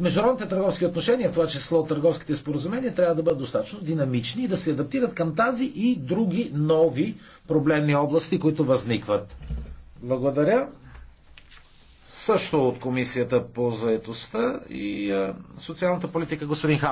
международните търговски отношения, в това число търговските споразумения, трябва да бъдат достатъчно динамични и да се адаптират към тази и други нови проблемни области, които възникват. Благодаря. Също от Комисията по заедостта и социалната политика господин Хан.